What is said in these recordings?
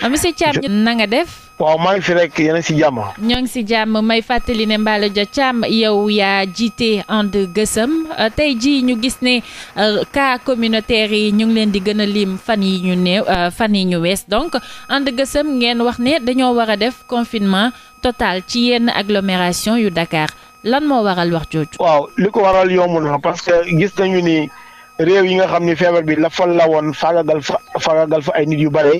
Ah, monsieur si na nanga def. waaw maa ngi fi rek yéen a si jàmm. ñoo ngi si jàmm may fàttali ne Mballo ja Thiam yow yaa jiite And Gueusseum ah, tey jii ñu gis ne ah, cas communautaire yi ñu ngi leen di gën a lim fan yi ñu néew fan yi ñu wees donc And Gueusseum ngeen wax ne dañoo war a def confinement total ci yenn agglomération yu dakaar lan moo waral wax jooju. waaw li ko waral yomb na parce que gis nañu ni réew yi nga xam ni feebar bi la fa la woon faagagal fa faagagal fa ay nit yu bare.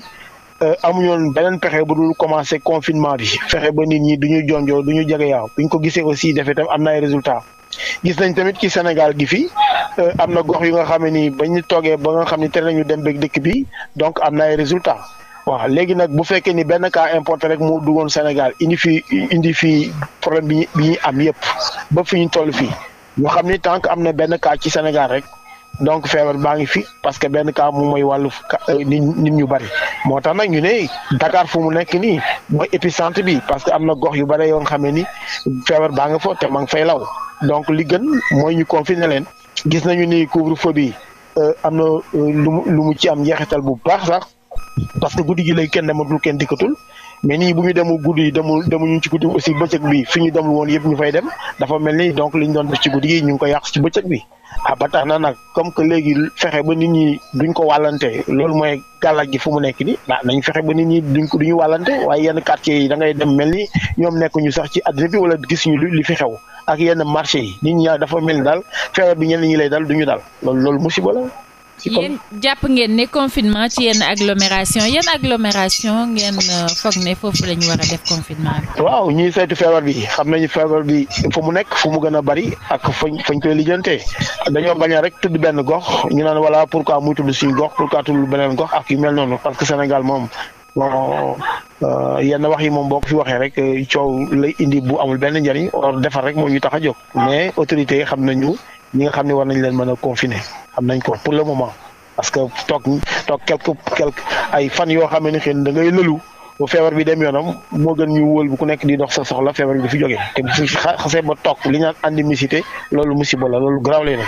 Euh, amuñu woon beneen pexe bu dul commencé confinement bi fexe ba nit ñi du ñu jonjoo du ñu jege yaaw bu ko gisee aussi dafay tam am na ay résultats gis nañ tamit ci Sénégal gi fi euh, am na gox yu nga xam ne nii ba toogee ba nga xam ne tere nañu dem beeg dëkk bi donc am na ay résultats. waaw léegi nag bu fekkee ni benn cas importé rek moo duggoon Sénégal indi fi indi fi problème bi ñu am yëpp ba fi ñu toll fii ñu xam ni tant am na benn cas ci Sénégal rek donc feebar baa ngi fi parce que benn cas moom mooy wàllu euh, nit ñu bari moo tax nag ñu ne Dakar fu mu nekk nii mooy épicentre bi parce que am na gox yu bare yoo nga xam ne ni feebar baa ngi fa te ma ngi fay law donc li gën mooy ñu confiner leen gis nañu ni couvre-feu bi euh, am na euh, lu mu lu mu ci am njeexital bu baax sax parce que guddi gi léegi kenn dematul kenn dikkatul. mais nit ñi bu ñu demul guddi yi demul demuñu ci guddi aussi bëccëg bi fi ñu demul woon yëpp ñu fay dem dafa mel ni donc li ñu doon def ci guddi gi ñu ngi ko yàq ci bëccëg bi ah ba nag comme que léegi fexe ba nit ñi duñ ko wàllante loolu mooy gàllaaj gi fu mu nekk ni ah nañ fexe ba nit ñi duñ ko duñu wàllante waaye yenn quartier yi da ngay dem mel ni ñoom nekkuñu sax ci àddina bi wala gis ñu li fi xew ak yenn marché yi nit ñi dafa mel ni daal fexe bi ñenn ñi lay dal duñu daal loolu loolu musiba la jàpp ngeen ne confinement ci yenn agglomération yenn agglomération ngeen euh, foog ne foofu la ñu def confinement bi. waaw ñuy saytu feebar bi xam nañu feebar bi fu mu nekk fu mu gën a bari ak fañ fañ koy lijjantee dañoo bañ rek tudd benn gox ñu naan pour pourquoi muy tudd suñu gox pourquoi tudd beneen gox ak yu mel noonu parce que Sénégal moom. bon euh, yenn wax yi moom boo ko fi waxee rek coow lay indi bu amul benn njariñ or defar rek moo ñu tax a jog mais autorité yi xam nañu ñi nga xam ne war nañ leen mën a confiner am nañ ko pour le moment parce que toog toog quelque quelque ay fan yoo xam ne xëy na da ngay lëlu bu feebar bi dem yoonam moo gën ñu wóol bu ku nekk di dox sa soxla feebar bi fi jógee te bu fi xasee ba toog li ñu endémicité loolu musiba la loolu grave lay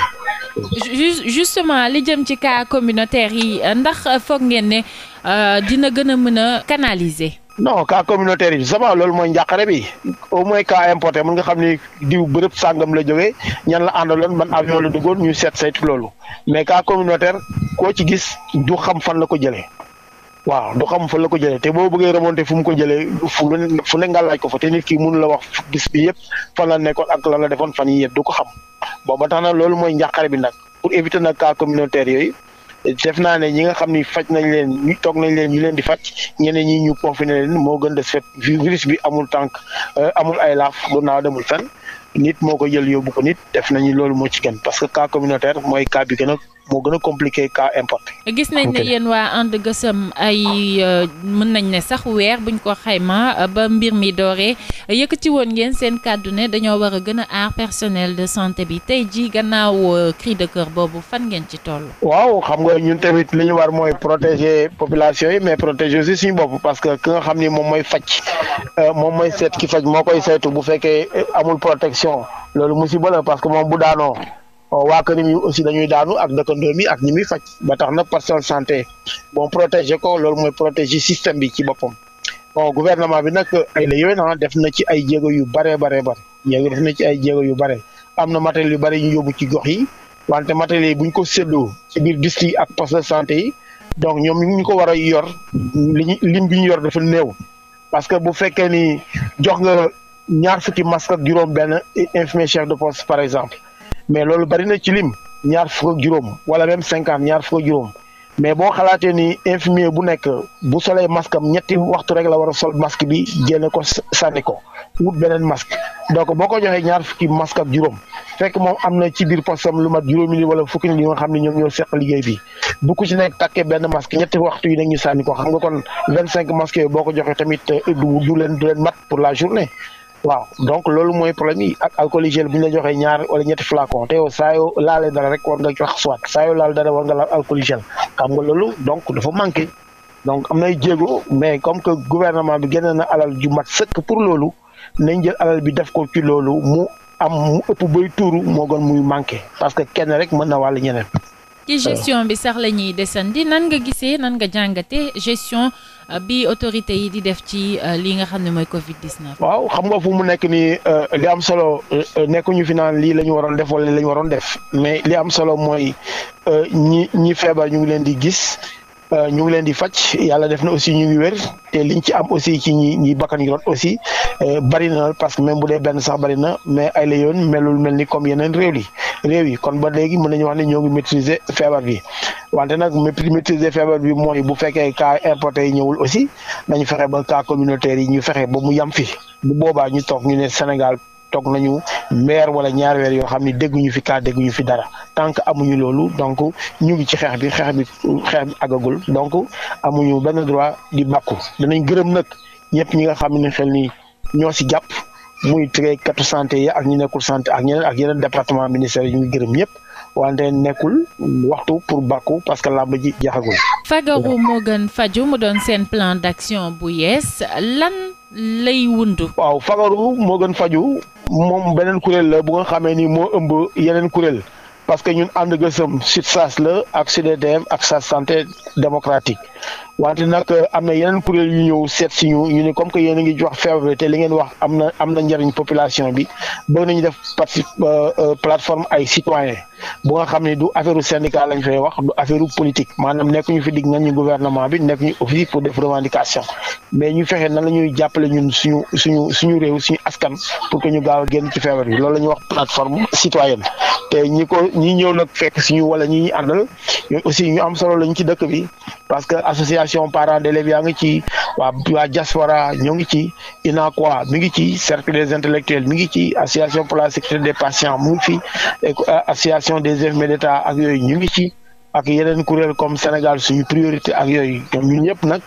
justement li jëm ci cas communautaire yi ndax foog ngeen ne euh, dina gën a mën a canaliser. non cas communautaire yi sama loolu mooy njàqare bi au moins cas importé mën nga xam ni diw bërëb sàngam la jógee ñan la àndaloon man avion la duggoon ñu seet saytu loolu mais ka communautaire koo ci gis du xam fan la ko jëlee waaw du xam fan la ko jëlee te boo bëggee remonté fu mu ko jële fu fu ne nga ko fa te nit ki mënu la wax gis bi yëpp fan la nekkoon ak la la defoon fan yi yëpp du ko xam booba tax na loolu mooy njàqare bi nag pour éviter nag ka communautaire yooyu def naa ne ñi nga xam ni faj nañ leen ñu toog nañ leen ñu leen di faj ñeneen ñi ñu confiné leen moo gën de fait virus bi amul tànk euh, amul ay laaf du naaw demul fenn nit moo ko jël yóbbu ko nit def nañu loolu moo ci gën parce que ka communautaire mooy cas bi moo gën a compliqué cas importé. gis nañ ne yéen waa ànd gësëm ay euh, mën nañ ne sax weer buñ ko xayma euh, ba mbir mi dooree ci woon ngeen seen kàddu ne dañoo war a gën a aar personnel de santé bi tey jii gannaaw euh, cri de cœur boobu fan ngeen ci toll. waaw xam nga ñun tamit li ñu war mooy protéger population yi mais protéger yi suñu bopp parce que ki nga xam ni moom mooy faj moom mooy seet ki faj moo koy saytu bu fekkee amul protection loolu mu si parce que moom bu daanoo. Euh, waa këram yi aussi dañuy daanu ak dëkkandoom yi ak ñi muy faj ba tax na personnel santé bon protéger ko loolu mooy protéger système bi ci boppam o gouvernement bi nag euh, ay la yooyu na def na ci ay jéego yu bare bare bare jéego def na ci ay jéego yu bare am na matériel yu bare ñu yóbbu ci gox yi wante matériel yi bu ñu ko séddoo ci biir district yi ak poste de santé yi donc ñoom ñu ko war a yor liñ lim bi ñu yor dafa néew parce que bu fekkee ni jox nga ñaar fukki masque ak juróom benn infirmier par exemple mais loolu bari na ci lim ñaar fukk ak wala même cinquante ñaar fukk ak juróom mais boo xalaatee ni infirmier bu nekk bu solee masque ñetti waxtu rek la war a sol masque bi génne ko sànni ko wut beneen masque donc boo ko joxee ñaar fukki masque ak juróom fekk moom am na ci biir postam lu mat juróomi ni wala fukki ni xam ne ñoom ñoo seq liggéey bi bu ku ci nekk takkee benn masque ñetti waxtu yi nag ñu sànni ko xam nga kon vingt cinq masques boo ko joxee tamit euh, du du leen du leen mat pour la journée waaw donc loolu mooy problème yi ak alcool gel bu ñu la joxee ñaar wala ñetti flacon te yow saa yoo dara rek war nga jox soit saa laal dara war nga laal alcool gel xam nga loolu donc dafa manqué donc am nay jéego mais comme que gouvernement bi geneen na alal ju mat sëkk pour loolu nañ jël alal bi def ko ci loolu mu am ëpp bay tuuru moo gën muy manqué parce que kenn rek mën na wàll ñeneen. ci gestion bi sax la ñuy desandi nan nga gisee nan nga jàngatee gestion. Euh, bi autorité yi di def ci euh, li nga xam ne mooy Covid 19. waaw xam nga fu mu nekk nii euh, li am solo nekkuñu fi naan lii la ñu waroon def wala li la ñu waroon def mais li am solo mooy ñi ñi feebar ñu ngi leen di gis. Euh, ñu ngi leen di faj yàlla def na aussi ñu ngi wér te liñ ci am aussi ci ñi ñi bakkan yu rot aussi euh, bari na parce que même bu dee benn sax barina mais ay la yoon melul mel ni comme yeneen réew yi réew yi kon ba léegi mun nañu wax ne ñoo ngi maîtriser feebar bi wante nag maîtriser feebar bi mooy bu fekkee ka importer yi ñëwul aussi nañu fexe ba cas communautaire yi ñu fexe ba mu yam fi bu boobaa ñu toog ñu ne Sénégal toog nañu meer wala ñaar weer yoo xam ne dégguñu fi kaa dégguñu fi dara tant que amuñu loolu donc ñu ngi ci xeex bi xeex bi xeex bi agagul donc amuñu benn droit di bàkku danañ gërëm nag ñëpp ñi nga xam ne xel ni ñoo si jàpp muy trékatu santé yi ak ñu nekkul santé ak ñeneen ak yeneen département ministère yi ñu ngi gërëm ñëpp wante nekkul waxtu pour bàkku parce que làmb ji jeexagul. fagaru moo gën faju mu doon seen plan d'action bu yees lan lay wundu. waaw fagaru moo gën faju moom beneen kuréel la bu nga xamee ni moo ëmb yeneen kuréel parce que ñun ànd gësëm SUTSAS la ak SUDEDEV ak SAS santé démocratique wante nag euh, am na yeneen kuréel yu ñëw seet si ñu ñu ne comme que yéen a ngi jox feebar li ngeen wax am na am na njëriñ population bi bëgg nañu def parti euh, euh, plateforme ay citoyen bu nga xam ne du affaire syndicat lañ fay wax du affaire politique maanaam nekk ñu fi digg nañ ñu gouvernement bi nekk ñu office pour def revendication mais ñu fexe nan la ñuy jàppale ñun suñu suñu suñu réew suñu askan pour que ñu gaaw a génn ci feebar bi loolu la ñuy wax plateforme citoyenne te ñi ko ñi ñëw nag fekk si ñu wala ñi ñu àndal ñoom aussi ñu am solo lañ ci dëkk bi parce que association parents d'élèves yaa ngi ci waa waa diaspora ñoo ngi ci UNACOIS mi ngi ci cercle des intellectuels mi ngi ci association pour la sécurité des patients mu ngi fi euh, association des infirmiers d'État ak yooyu ñu ngi ci. ak yeneen kuréel comme Sénégal suñu priorité ak yooyu ñoom ñun ñëpp nag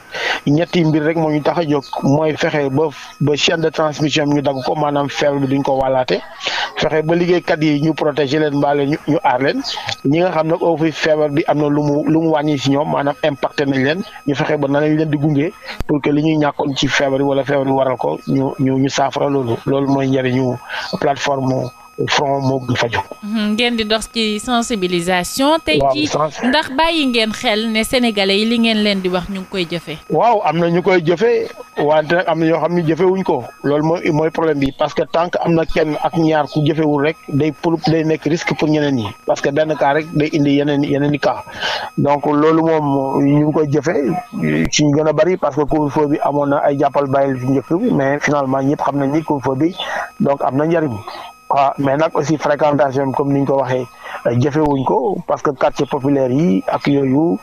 ñetti mbir rek moo ñu tax a jóg mooy fexe ba ba chaîne de transmission bi ñu dagg ko maanam feebar bi duñ ko wàllaate fexe ba liggéeykat yi ñu protéger leen mbaale ñu ñu aar leen ñi nga xam nag au fi feebar bi am na lu mu lu mu wàññi si ñoom maanaam impacté nañ leen ñu fexe ba na lañ leen di gunge pour que li ñuy ñàkkoon ci feebar yi wala feebar waral ko ñu ñu ñu saafara loolu loolu mooy njëriñu plateforme front moo gën faju mhm, ngeen di dox ci sensibilisation. tey jii ndax bàyyi ngeen xel ne sénégalais yi li ngeen leen di wax ñu ngi koy jëfee. waaw am na ñu koy jëfee wante am na yoo xam ne jëfewuñ ko loolu mooy mooy problème bi parce que tant am na kenn ak ñaar ku jëfewul rek day pour day nekk risque pour ñeneen ñi parce que benn rek day indi yeneen yeneen i ka donc loolu moom ñu ngi koy jëfee ci ñu gën a bari parce que couvre-feu bi amoon na ay jàppal bàyyil ci njëkk bi mais finalement ñëpp xam nañ ni couvre-feu bi donc am na njariñ. waaw mais nag aussi fréquentation comme ni ñu ko waxee euh, jëfewuñ ko parce que quartier populaire yi ak yooyu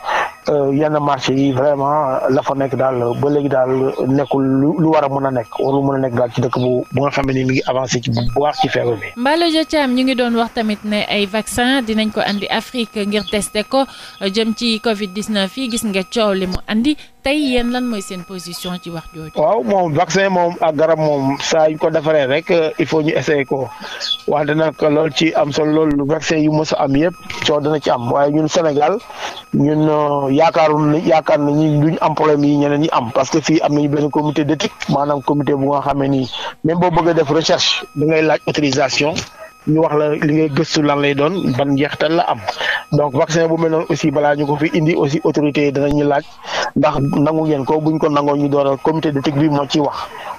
euh, yenn marché yi vraiment euh, la fa nekk daal ba léegi daal nekkul lu war a mën a nekk warul mën a nekk daal ci dëkk bu bu nga xam ne mi ngi avancé ci bu baax ci feebar bi. Mballo Thiam ñu ngi doon wax tamit ne ay vaccin dinañ ko andi Afrique ngir tester ko jëm ci Covid 19 yi gis nga coow li mu indi tey yéen lan mooy seen position ci wax jooju. waaw moom vaccin moom ak garab moom saa yu ko defaree rek euh, il faut ñu essayer ko wante nag lool ci am solo loolu vaccin yu mos am yëpp coow dana ci am waaye ñun Sénégal ñun euh, yaakaarul ne yaakaar nañu duñ am problème yi ñeneen ñi am parce que fii am nañu benn comité d'éthique maanaam comité bu nga xamee ni même boo bëggee def recherche da ngay laaj autorisation. ñu wax la li ngay gëstu lan lay doon ban njeextal la am donc vaccin bu mel noonu aussi balaa ñu ko fi indi aussi autorité yi danañu laaj ndax nangu ngeen ko buñ ko nangoo ñu dooral comité d'éthique bi moo ci wax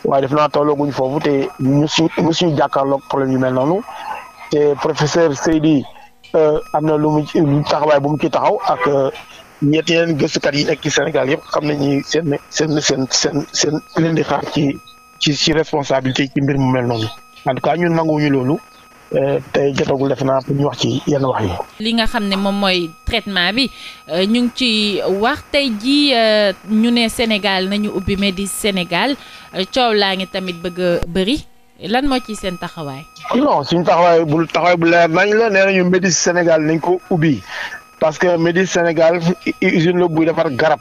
waaye def naa tollooguñ foofu te ñu suñ ñu suñu jàkkaarloog problème yu mel noonu te professeur Seydi euh, am na lu mu taxawaay bu mu ci taxaw ak euh, ñetti yeneen gëstukat yi nekk ci Sénégal yëpp xam nañu seen seen seen seen seen leen di xaar ci ci ci responsabilité ci mbir mu mel noonu en tout cas ñun nanguwuñu loolu. Euh, tey jotagul def naa pour ñu wax ci yenn wax yi. li nga xam ne moom mooy traitement bi euh, ñu ngi ci wax tey jii euh, ñu ne Sénégal nañu ubbi Médecins Sénégal coow laa ngi tamit bëgg bëri lan moo ci seen taxawaay. non suñu taxawaay bu taxawaay bu leer nañ la nee nañu Médecins Sénégal nañ ko ubbi parce que Médecins Sénégal usine la defar garab.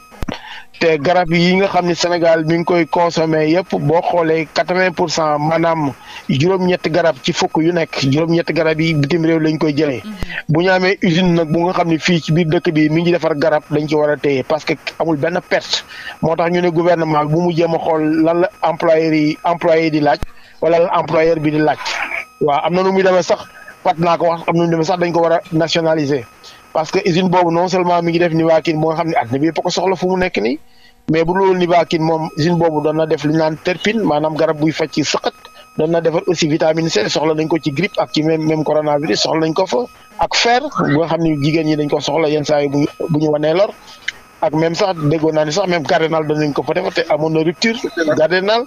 te garab yi nga xam ne Sénégal mi ngi koy consommé yëpp boo xoolee quatre-vingt pour cent maanaam juróom-ñetti garab ci fukk yu nekk juróom-ñetti garab yi bitim réew lañ koy jëlee mm-hmm. bu ñu amee usine nag bu nga xam ne fii ci biir dëkk bi mi ngi defar garab dañ ci war a téye parce que amul benn perte moo tax ñu ne gouvernement bi bu mu jéem a xool lan la employeur yi employé di laaj wala lan bi di laaj waaw am na nu muy demee sax fat naa ko wax am na nu muy demee sax dañ ko war a nationaliser. parce que usine boobu non seulement mi ngi def Nivaquine moo nga xam ne àddina bi yëpp ko soxla fu mu nekk nii mais bu loolu Nivaquine moom usine boobu na def lu naan terpine maanaam garab buy faj ci sëqat doon na defar aussi vitamine C soxla nañ ko ci grippe ak ci même même coronavirus soxla nañ ko fa ak fer bu nga xam ne jigéen ñi dañ ko soxla yenn saa yi bu bu ñu wanee lor ak même sax déggoon naa ni sax même cardinal doon nañ ko fa defar te amoon na rupture cardinal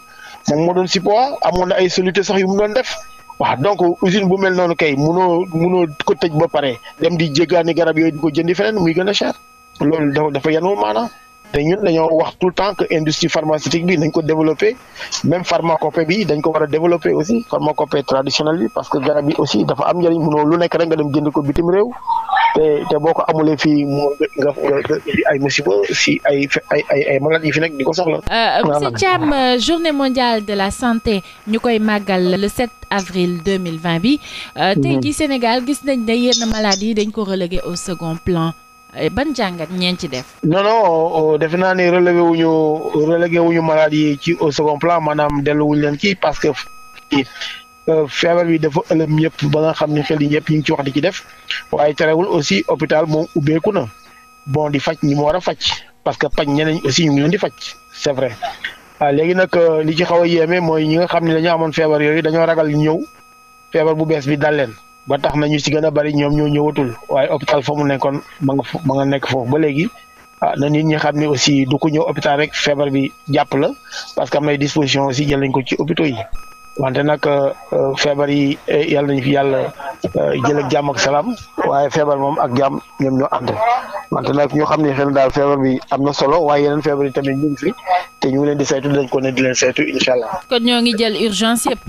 moom moo doon si poids amoon na ay soluté sax yu mu doon def waaw donc usine bu mel noonu kay munoo munoo ko tëj ba pare dem di jéggaani garab yooyu di ko jëndi feneen muy gën a cher loolu dafa dafa yanul maanaam te ñun dañoo wax tout le temps que industrie pharmaceutique bi nañ ko développer même pharmacopée bi dañ ko war a développer aussi pharmacopée traditionnelle bi parce que garab yi aussi dafa am njëriñ munoo lu nekk rek nga dem jënd ko bitim réew te te boo ko amulee fii mu nga nga ay musiba si ay ay ay ay malade yi fi nekk di ko soxla. Euh, monsieur Thiam euh, journée mondiale de la santé ñu koy màggal le 7 avril 2020 bi. Euh, mhm. tey jii Sénégal gis nañ ne yenn maladies yi dañ ko relégué au second plan. ban jàngat ñeen ci def. non non defe naa ne relevé wu ñu relevé wu ñu maladies yi ci au second plan maanaam delluwuñu leen kii parce que. Euh, feebar bi dafa ëlëm ñëpp ba nga xam ne xel yi ñëpp ñu ngi ci wax di ci def waaye terewul aussi hôpital moom ubbeeku na bon di faj ñi mu war a faj parce que pañ ñeneen aussi ñu ngi leen di fac c'est vrai waaw ah, léegi nag euh, li ci xaw a mooy ñi nga xam ne dañoo amoon feebar yooyu dañoo ragal ñëw feebar bu bees bi dal leen ba tax na ñu si gën a bari ñoom ñoo ñëwatul waaye hôpital fa mu nekkoon ma nga ma nga nekk foofu ba léegi ah na nit ñi xam ne aussi du ñëw hôpital rek feebar bi jàpp la parce que am nay jël nañ ko ci hôpitaux yi. wante nag euh, euh, feebar yi eh, yàlla nañu fi yàlla euh, jël ak jàmm ak salaam waaye feebar moom ak jàmm ñoom ñoo ànd wante nag ñoo xam ne xëy na daal feebar bi am na solo waaye yeneen feebar yi tamit ñu ngi fi te ñu ngi leen di saytu dañ ko ne di leen saytu incha allah. kon ñoo ngi jël urgence yëpp.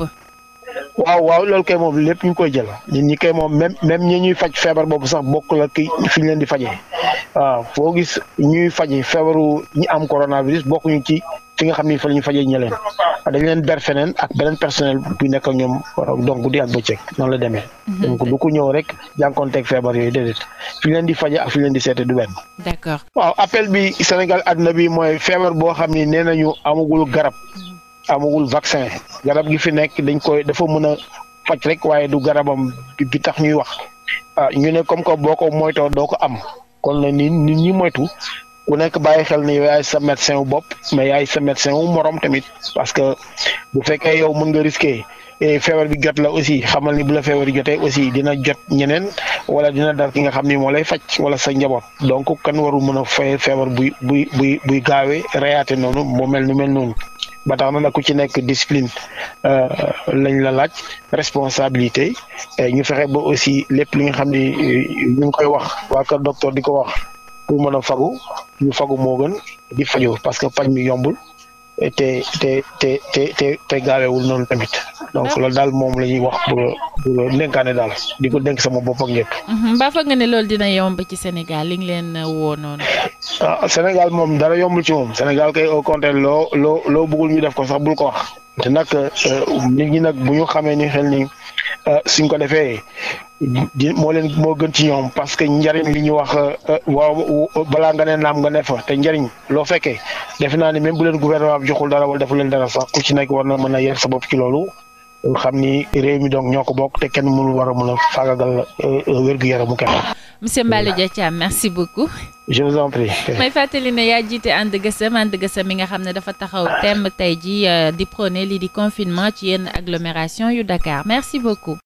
waaw waaw loolu kay moom lépp ñu koy jël nit ñi kay moom même même ñi ñuy faj feebar boobu sax bokk la ki fi ñu leen di fajee waaw foo gis ñuy faj feebaru ñi am coronavirus bokkuñu ci fi nga xam ni fa la ñu fajee ñeleen ah, dañ leen ber ak beneen personnel bu nekk ak ñoom donc guddi ak bëccëg noonu la demee. Mhm. donc du ko ñëw rek jànkoonteeg feebar yooyu déedéet fi leen di faje ak leen di seete du benn. d'accord bi Sénégal àdduna bi mooy feebar boo xam ni nee nañu amagul garab mhm. amagul vaccin garab gi fi nekk dañ koy dafa mën a faj rek waaye du garabam gi tax ñuy wax. ah ñu ne comme que boo ko moytoo doo ko am kon nag nit ñi moytu ku nekk bàyyi xel ni yow yaay sa médecin wu bopp mais yaay sa médecin wu morom tamit parce que bu fekkee yow mun nga risqué feebar bi jot la aussi xamal ni bu la feebar jotee aussi dina jot ñeneen wala dina dal ki nga xam ni moo lay faj wala sa njaboot donc kan warul mën a fay feebar buy buy buy buy gaawee reyaate noonu moo mel nu mel noonu. ba tax na nag ku ci nekk discipline euh, lañ la laaj responsabilité ñu fexe ba aussi lépp li nga xam ni euh, ñu ngi koy wax waa di ko wax. pour mën a fagu ñu fagu moo gën di faju parce que paj mi yombul te te te te te te gaawewul noonu tamit donc loolu daal moom la ñuy wax pour pour dénkaane daal di ko dénk sama bopp ak mhm, nga ne loolu dina yomb ci Sénégal li ngi leen woo a ah Sénégal moom dara yombul ci moom senegal kay au contraire loo loo loo bëggul ñu def ko sax bul ko wax. te nag euh, nit ñi nag ñu xamee ni xel ni euh, suñ ko defee moo leen moo gën ci ñoom parce que njariñ li ñu wax euh, waaw balaa nga ne naam nga ne fa te njariñ loo fekkee defe naa ne même bu leen gouvernement bi joxul dara wala defu leen dara sax ku ci nekk war na mën a yar sa bopp ci loolu xam ni réew mi donc ñoo ko bokk te kenn mënul war a mën a faagagal euh, wér-gu-yaramu kenn. monsieur Mballo Dia Thiam merci beaucoup. may fàttali ne yaa jiite ànd gësëm ànd gësëm mi nga xam ne dafa taxaw thème tey ji euh, di prôné lii di confinement